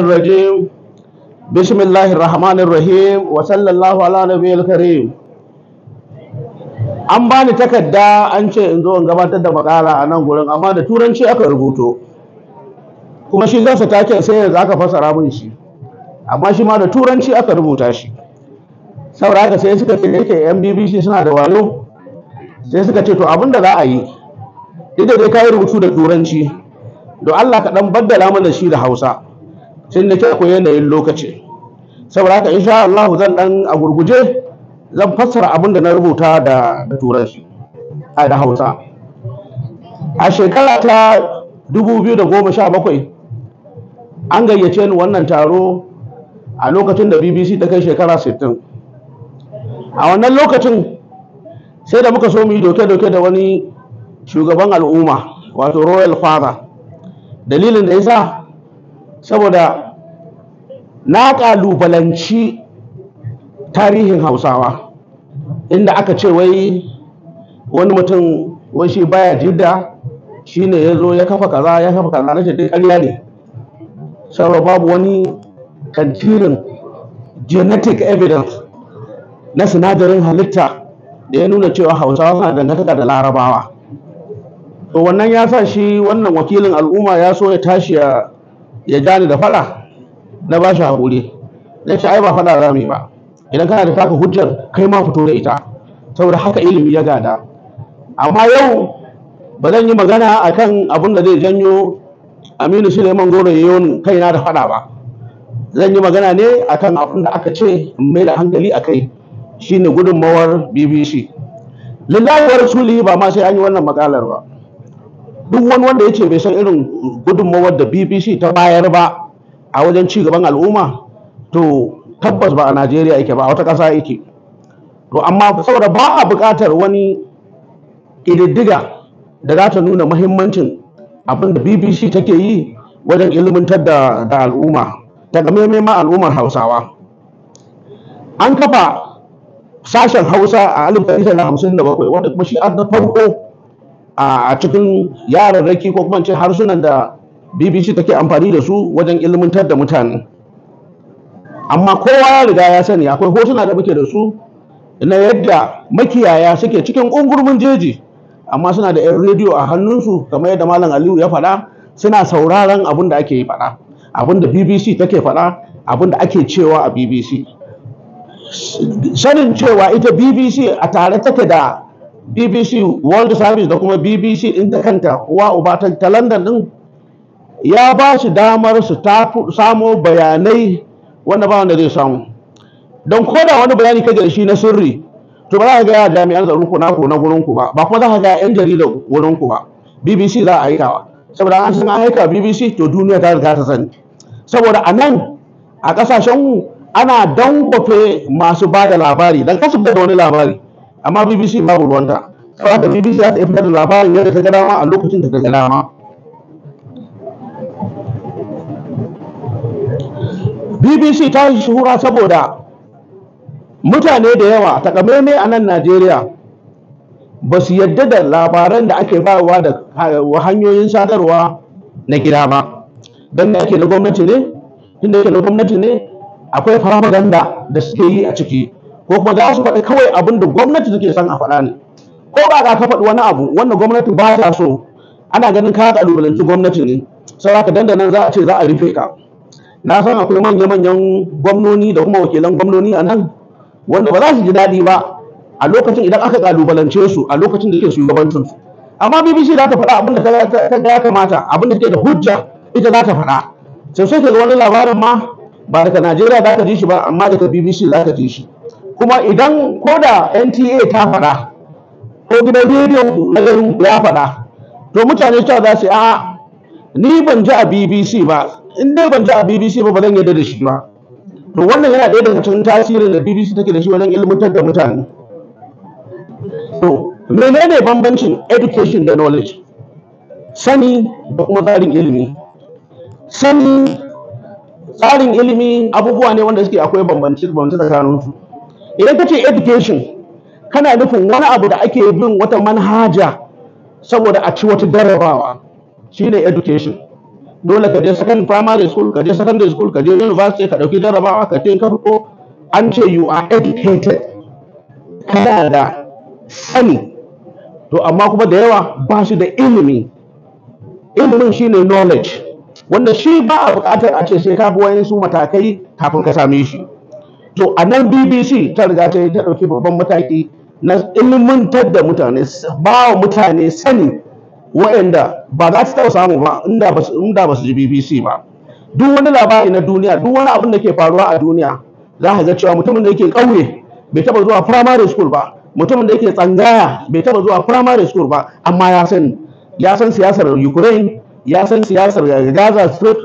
الرجيم بسم الله الرحمن الرحيم وصلى الله على نبي الكريم an bani takarda an ce in zo in gabatar da makala a nan gurin amma da turanci aka rubuto kuma shi zan sa taken sai yanzu aka fasara min shi amma shi ma da turanci aka rubuta shi saboda haka sai suka ce yake yan bbc suna da wayo sai suka ce to abin da za a yi duk da dai ka yi rubutu da turanci don allah ka dan baddala mana shi da hausa tun da ke akwai yanayin lokaci saboda haka insha Allah zan dan a gurguje zan fassara abin da na rubuta da turanci a da hausa a shekara ta 2017 an gayyace ni wannan taro a lokacin da bbc ta kai shekara 60 a wannan lokacin sai da muka so mu yi doke-doke da wani shugaban al'umma wato royal father dalilin da ya sa. saboda na ƙalubalanci tarihin hausawa inda aka ce wai wani mutum wai shi baya jidda shi ne ya zo ya kafa kaza ya kafa kaza na duk ƙarya ne saboda babu wani tantirin genetic evidence na sinadarin halitta da ya nuna cewa hausawa suna dangantaka da larabawa to wannan ya sa shi wannan wakilin al'umma ya so ya tashi ya ya ja ni da fada na ba shi haƙuri na ce ai ba fada za mu yi ba idan kana da taka hujjar kai ma fito da ita saboda haka ilimi ya gada amma yau ba zan yi magana akan abin da zai janyo aminu suleiman goro ya yi kaina da fada ba zan yi magana ne akan abin da aka ce mai da hankali a kai shine gudunmawar bbc lillahi wa rasuli ba ma sai an yi wannan makalar ba duk wani wanda ya ce bai san irin gudunmawar da bbc ta bayar ba a wajen ci gaban al'umma to tabbas ba a najeriya yake ba a wata ƙasa yake to amma saboda ba a buƙatar wani ƙididdiga da za ta nuna mahimmancin abin da bbc take yi wajen ilmantar da al'umma ta game ma al'ummar hausawa an kafa sashen hausa a 1957 wanda kuma shi na farko a cikin yararraki ko kuma ce harsunan da bbc take amfani da su wajen ilmantar da mutane amma kowa ya riga ya sani akwai hotuna da muke da su na yadda makiyaya suke cikin ƙungurmin jeji amma suna da 'yan rediyo a hannunsu kamar yadda malam aliyu ya faɗa suna sauraron abin da ake faɗa abin da bbc take faɗa abin da ake cewa a bbc sanin cewa ita bbc a tare take da bbc world service da kuma bbc inda kanta uwa ubatan ta london din ya ba shi damar su samo bayanai wanda ba wanda zai samu don koda wani bayani ka da shi na sirri to ba za ka gaya jami'an tsaron ku na na gurin ku ba ba kuma za ka gaya yan jarida gurin ku ba bbc za a aikawa saboda an san an aika bbc to duniya ta riga ta sani saboda a nan a kasashen mu ana dankwafe masu ba da labari dan kasu da wani labari amma bbc babu ruwanta saboda bbc za ta fitar da labarin yadda ta ga dama a lokacin da ta ga dama bbc ta yi shuhura saboda mutane da yawa takamaimai a nan najeriya ba su yadda da labaran da ake bayarwa da hanyoyin sadarwa na gida ba don da ake na gwamnati ne tun da yake na gwamnati ne akwai faramaganda da suke yi a ciki ko kuma za su faɗi kawai abin da gwamnati take son a faɗa ne ko ba ka faɗi wani abu wanda gwamnati ba ta so ana ganin ka kalubalanci gwamnati ne sai haka dandanan za a ce za a rufe ka na san akwai manya-manyan gwamnoni da kuma wakilan gwamnoni a nan wanda ba za su ji daɗi ba a lokacin idan aka kalubalance su a lokacin da ke shugabancin su amma bbc za ta faɗa abin da ta ga ya kamata abin da take da hujja ita za ta faɗa sai sai ka ga wani labarin ma ba daga najeriya za ka ji shi ba amma daga bbc za ka ji shi kuma idan ko da nta ta faɗa ko gidan rediyo na garin ya faɗa to mutane cewa za su a ni ban ji a bbc ba in dai ban ji a bbc ba ba zan yi da shi ba to wannan yana ɗaya daga cikin tasirin da bbc take da shi wajen ilmantar da mutane to menene bambancin education da knowledge sani da kuma tsarin ilimi sani tsarin ilimi abubuwa ne wanda suke akwai bambanci bambanci tsakaninsu idan ka ce education kana nufin wani abu da ake bin wata manhaja saboda a ci wata darabawa shine education dole ka je second primary school ka je secondary school ka je university ka dauki darabawa ka ce karko an ce you are educated kana da sani to amma kuma da yawa ba su da ilimi ilimin shine knowledge wanda shi ba a bukatar a ce sai ka bi wayansu matakai kafin ka same shi So a nan bbc ta riga ta yi ta ɗauki babban mataki na ilmantar da mutane ba wa mutane sani waɗanda ba za su taɓa samu ba inda ba su ji bbc ba duk wani labari na duniya duk wani abin da ke faruwa a duniya za a ga cewa mutumin da yake ƙauye bai taɓa zuwa primary school ba mutumin da yake tsangaya bai taɓa zuwa primary school ba amma ya san ya san siyasar ukraine ya san siyasar gaza strip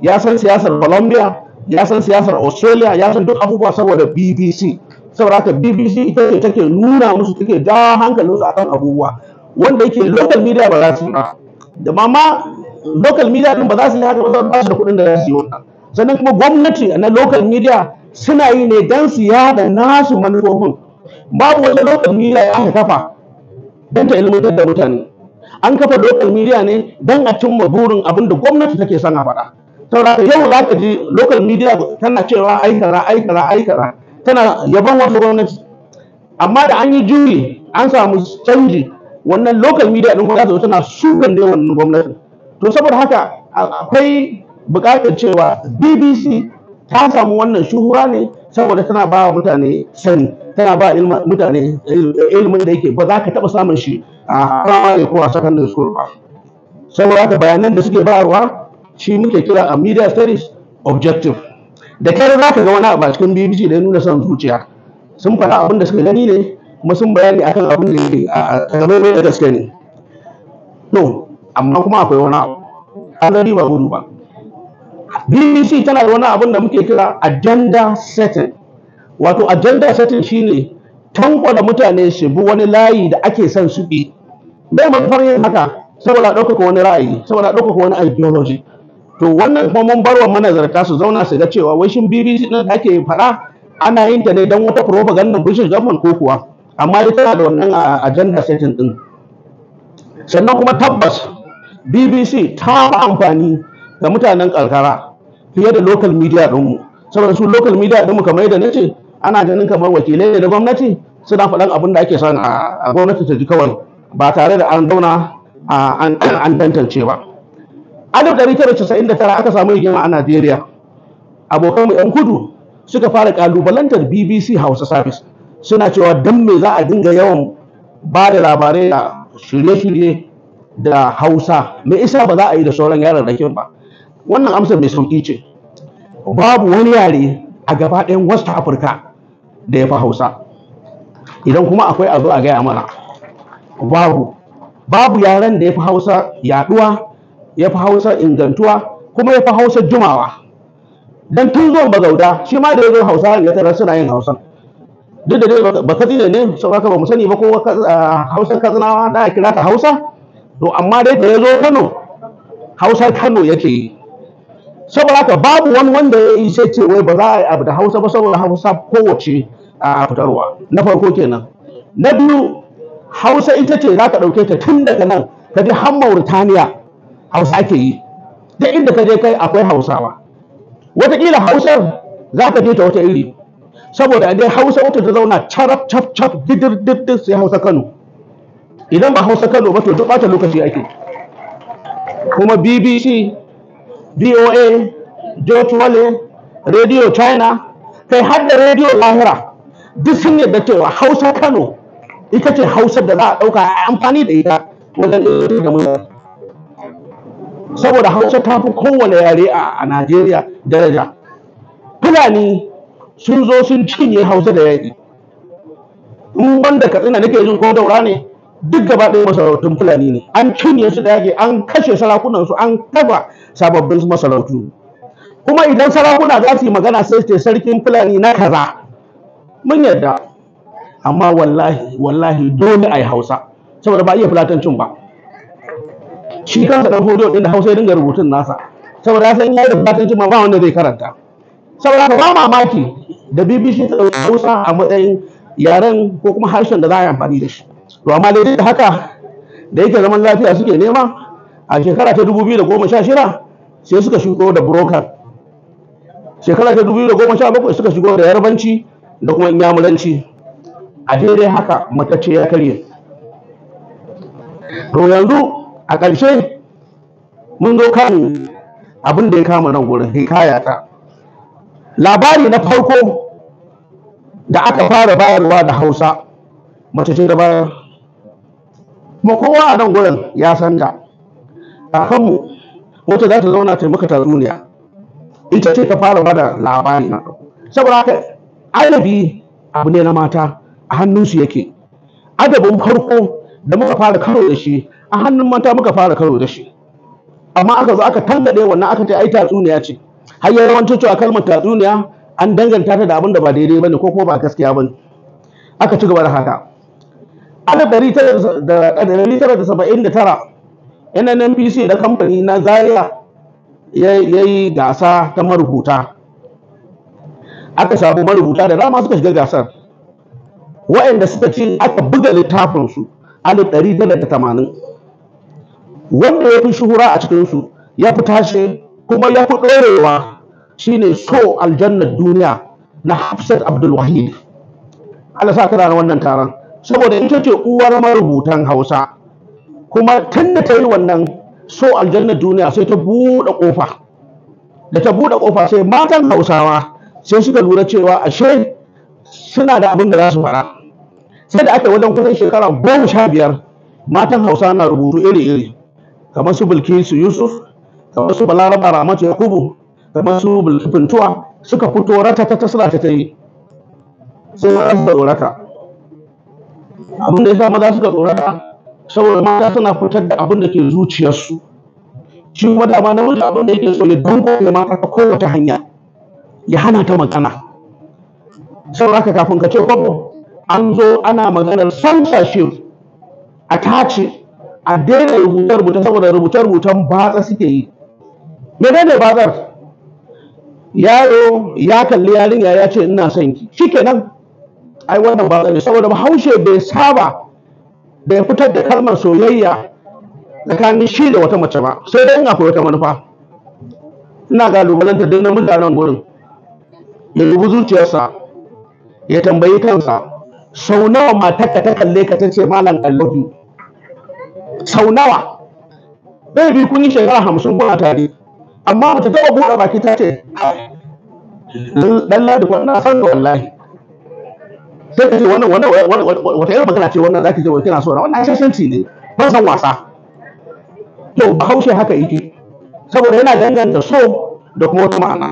ya san siyasar colombia ya san siyasar australia ya san duk abubuwa saboda bbc saboda haka bbc ita ce take nuna musu take jawo hankalinsu akan abubuwa wanda yake local media ba za su a. da ma local media din ba za su yi haka ba ba su da kuɗin da za su yi wannan sannan kuma gwamnati na local media suna yi ne don su yada nasu manufofin babu wani local media ya aka kafa don ta ilmantar da mutane an kafa local media ne don a cimma burin abin da gwamnati take son a faɗa da yau za ka ji local media tana cewa aikara aikara aikara tana yaban wasu gwamnati amma da an yi juri, an samu canji wannan local media din kuma tana sukan da wannan gwamnati to saboda haka akwai buƙatar cewa BBC ta samu wannan shuhura ne saboda tana ba wa mutane sani tana ba mutane ilimin da yake ba za ka taɓa samun shi a primary ko a secondary school ba saboda haka bayanan da suke bayarwa shi muke kira a media studies objective da kyar za ka ga wani abu a cikin bbc da ya nuna son zuciya sun faɗa abin da suka gani ne kuma sun bayani akan abin da yake a takamaiman da gaske ne no amma kuma akwai wani abu an zari ba gudu ba bbc tana da wani abin da muke kira agenda setting wato agenda setting shine tankwa da mutane su bi wani layi da ake son su bi bai fara yin haka saboda ɗaukaka wani ra'ayi saboda ɗaukaka wani ideology to wannan kuma mun barwa manazarta su zauna su ga cewa wai shin BBC din da ake faɗa ana yin ta ne dan wata propaganda British government ko kuwa amma ita da wannan ah, agenda setting din sannan kuma tabbas BBC ta amfani ga mutanen karkara fiye da local media dinmu saboda su local media dinmu kamar yadda nace ana ganin kamar wakilai ne da gwamnati suna faɗan abin da ake son ah, a gwamnati ta ji kawai ba tare da an zauna ah, an tantance ba alif ɗari tara casa'in da tara aka samu rigima a najeriya abokan yan kudu suka fara kalubalantar bbc hausa service suna cewa don me za a dinga yawan ba da labarai da shirye-shirye da hausa me isa ba za a yi da sauran yaran yararrakin ba wannan amsar mai sauƙi ce babu wani yare a gaba ɗayan west africa da ya fi hausa idan kuma akwai a zo a gaya mana babu babu yaren da ya fi hausa yaɗuwa ya fi hausa ingantuwa kuma ya fi hausa jumawa Don tun zuwan Zauda, shi ma da ya zo hausa ya tara suna yin hausa duk da dai ba katsina ne sau ka ba mu sani ba ko hausa katsinawa da kira ta hausa to amma dai da ya zo kano hausa kano yake yi saboda haka babu wani wanda ya yi sai ce wai ba za a yi abu da hausa ba saboda hausa kowace a fitarwa na farko kenan na biyu hausa ita ce za ka ɗauke ta tun daga nan ka ji har mauritaniya hausa ake yi duk inda ka je kai akwai hausawa wataƙila hausar za ka je ta wata iri saboda dai hausa wata ta zauna caraf cap cap didir didir sai hausa kano idan ba hausa kano ba to duk bata lokaci ake kuma bbc voa jotwale radio china kai har da radio lahira duk sun yadda cewa hausa kano ita ce hausar da za a ɗauka a amfani da ita wajen da saboda hausa ta fi kowane yare a najeriya daraja fulani sun zo sun cinye hausa da yaƙi in wanda katsina nake jin ko daura ne duk gaba ɗaya masarautun fulani ne an cinye su da yaƙi an kashe sarakunansu an kafa sababbin masarautu kuma idan sarakuna za su yi magana sai ce sarkin fulani na kaza mun yarda amma wallahi wallahi dole a yi hausa saboda ba iya fulatancin ba shi kansa dan hodo din da Hausa ya dinga rubutun nasa saboda ya san yayi da fatan ma ba wanda zai karanta saboda ba mamaki da BBC ta Hausa a matsayin yaren ko kuma harshen da za a yi amfani da shi to amma dai da haka da yake zaman lafiya suke nema a shekara ta 2016 sai suka shigo da broker shekara ta 2017 suka shigo da yarbanci da kuma inyamuranci a daidai haka matacce ya karye to yanzu a ƙarshe mun zo kan abin da ya kama nan gurin hikaya ta labari na farko da aka fara bayarwa da hausa mace ce da bayar kuma kowa a nan gurin ya san A kakanmu wata za ta zauna ta muka tarzuniya ita ce ta fara bada labari na saboda haka adabi abu ne na mata a hannunsu yake adabin farko da muka fara karo da shi a hannun mata muka fara karo da shi amma aka zo aka tangade wannan aka ce ai tatsuniya ce har ya rawanto cewa kalmar tatsuniya an danganta ta da abin da ba daidai bane ko kuma ba gaskiya bane aka ci gaba da haka a ɗari tara da saba'in da tara NNPC da kamfani na Zaria ya yi gasa ta marubuta aka samu marubuta da dama suka shiga gasar wa'anda suka ci aka buga littafinsu alif ɗari tara tamanin wanda ya fi shuhura a cikinsu ya fi tashe kuma ya fi ɗorewa shine so aljannar duniya na hafsat abdulwahid ala sa kira wannan taron saboda ita ce uwar marubutan hausa kuma tun da ta yi wannan so aljannar duniya sai ta buɗe ƙofa da ta buɗe ƙofa sai matan hausawa sai suka lura cewa ashe suna da abin da za su fara sai da aka wajen kusan shekara goma sha biyar matan hausa na rubutu iri-iri kamar su bilkisu yusuf kamar su balaraba ramatu yakubu kamar su bilfintuwa suka fito rata ta tasira ta tayi sai ya da tsorata abin da ya sa maza suka tsorata saboda mata suna fitar da abin da ke zuciyarsu shi kuma dama namiji abin da yake so ya danko ya mata ta kowace hanya ya hana ta magana saboda kafin ka ce kwabo an zo ana maganar shi a tace a daina rubuta-rubuta saboda rubuta-rubutan batsa suke yi ne batsar yaro ya kalli yarinya ya ce ina son ki kenan ai wannan batsa ne saboda bahaushe bai saba bai fitar da kalmar soyayya tsakanin shi da wata mace ba sai dai ina akwai wata manufa ina ga galubalanta duk na mutanen gurin da rubu zuciyarsa ya tambayi kansa sau nawa matarka ta kalle ka ta ce malam I sau nawa zai bi kun yi shekara hamsin kuna tare amma mace ta buɗe baki ta ce dan ladi ko na san wallahi sai ka ce wannan wannan wata irin magana ce wannan zaki je kina so na wannan shashanci ne ba san wasa to bahaushe haka yake saboda yana danganta so da kuma wata ma'ana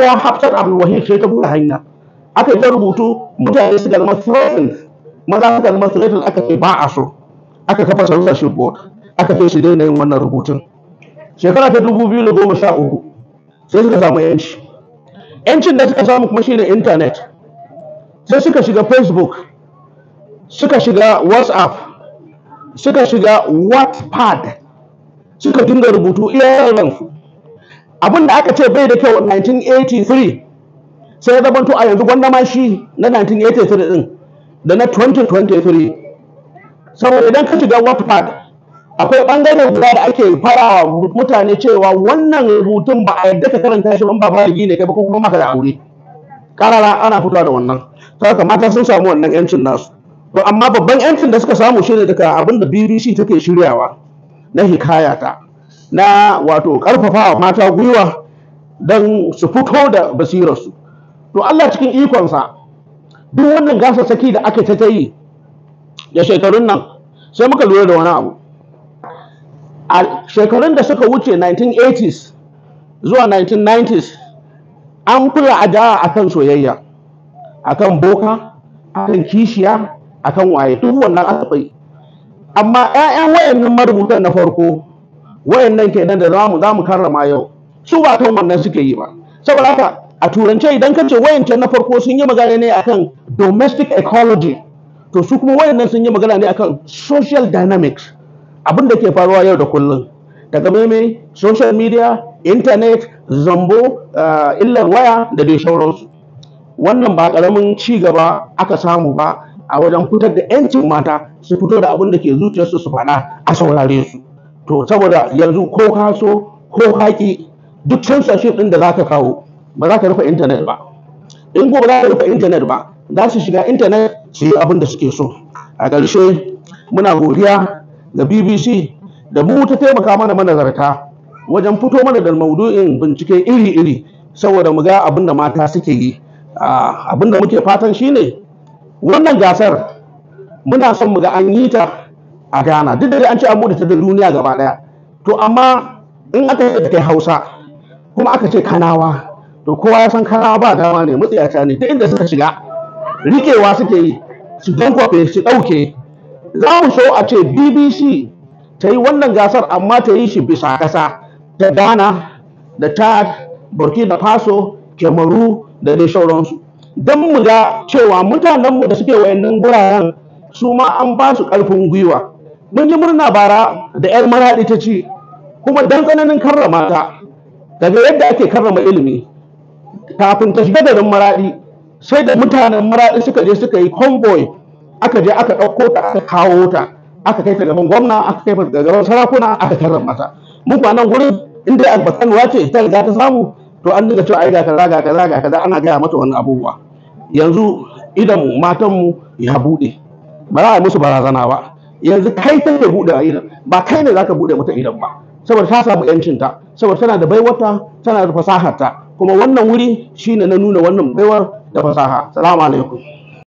ya haftar abu wahi sai ta buɗe hanya aka yi ta rubutu mutane suka zama threatened maza suka zama threatened aka ce ba a so aka kafa shi ko aka kai shi na yin wannan rubutun shekara ta dubu biyu goma sha uku sai suka samu yanci yancin da suka samu kuma shine intanet sai suka shiga facebook suka shiga whatsapp suka shiga whatpad suka dinga rubutu iya ransu abin da aka ce bai da kyau 1983 sai ya zamanto a yanzu gwanda ma shi na 1983 din da na 2023 saboda idan ka shiga wattpad akwai ɓangaren guda da ake fara mutane cewa wannan rubutun ba a yadda ka karanta shi ba baligi ne kai ba kuma maka da aure karara ana fitowa da wannan saboda mata sun samu wannan yancin nasu to amma babban yancin da suka samu shine daga abin da BBC take shiryawa na hikaya ta na wato karfafawa mata gwiwa dan su fito da basirarsu to Allah cikin ikonsa duk wannan gasa saki da aka ta yi da shekarun nan sai muka lura da wani abu a shekarun da suka wuce 1980s zuwa 1990s an kula a da akan soyayya kan boka a kan kishiya a kan waye duk wannan asabai amma 'ya'yan wayannan marubutan na farko wayannan nan da za mu karrama yau su ba kan wannan suke yi ba saboda haka a turance idan ka ce wayancan na farko sun yi magana ne akan domestic ecology to su kuma wayannan sun yi magana ne akan social dynamics abin da ke faruwa yau da kullum daga meme social media internet zambo eh, illar waya da dai sauransu wannan ba karamin ci gaba aka samu ba a wajen fitar da 'yancin mata su fito da abin da ke zuciyarsu su faɗa a saurare su to saboda yanzu ko kaso, ko haƙi duk censorship ɗin da za ka kawo ba za ka rufe intanet ba in ko ba za ka rufe intanet ba za su shiga intanet su yi abin suke so a ƙarshe muna godiya ga bbc da mu ta taimaka mana manazarta wajen fito mana da maudu'in bincike iri-iri saboda mu ga abin mata suke yi abin muke fatan shine wannan gasar muna son mu ga an yi ta a ghana duk da an ce an bude ta da duniya gaba daya to amma in aka yi kai hausa kuma aka ce kanawa to kowa ya san kanawa ba dama ne matsiyata ne ta inda suka shiga rikewa suke yi su kwafe su ɗauke za mu so a ce bbc ta yi wannan gasar amma ta yi shi bisa ƙasa ta ghana da chad da faso kemaru da dai sauransu don mu ga cewa mutanenmu da suke wayannan guraren su ma an ba su ƙarfin gwiwa mun ji murna bara da 'yar maraɗi ta ci kuma don tsananin karrama ta daga yadda ake karrama ilimi kafin ta shiga da garin maraɗi sai da mutanen maraɗi suka je suka yi convoy aka je aka ɗauko ta aka kawo ta aka kai ta gaban gwamna aka kai ta gaban sarakuna aka karrama mata Mun ba nan gurin inda albasanuwa ce ta riga ta samu to an daga cewa ai ga kaza ga kaza ga kaza ana gaya mata wani abubuwa yanzu idan matanmu ya buɗe. ba za a musu barazana ba yanzu kai ta ke a idan ba kai ne ka buɗe mata idan ba saboda ta samu yancin ta saboda tana da baiwata tana da fasahar ta kuma wannan wuri shine na nuna wannan baiwar da fasaha salamu alaikum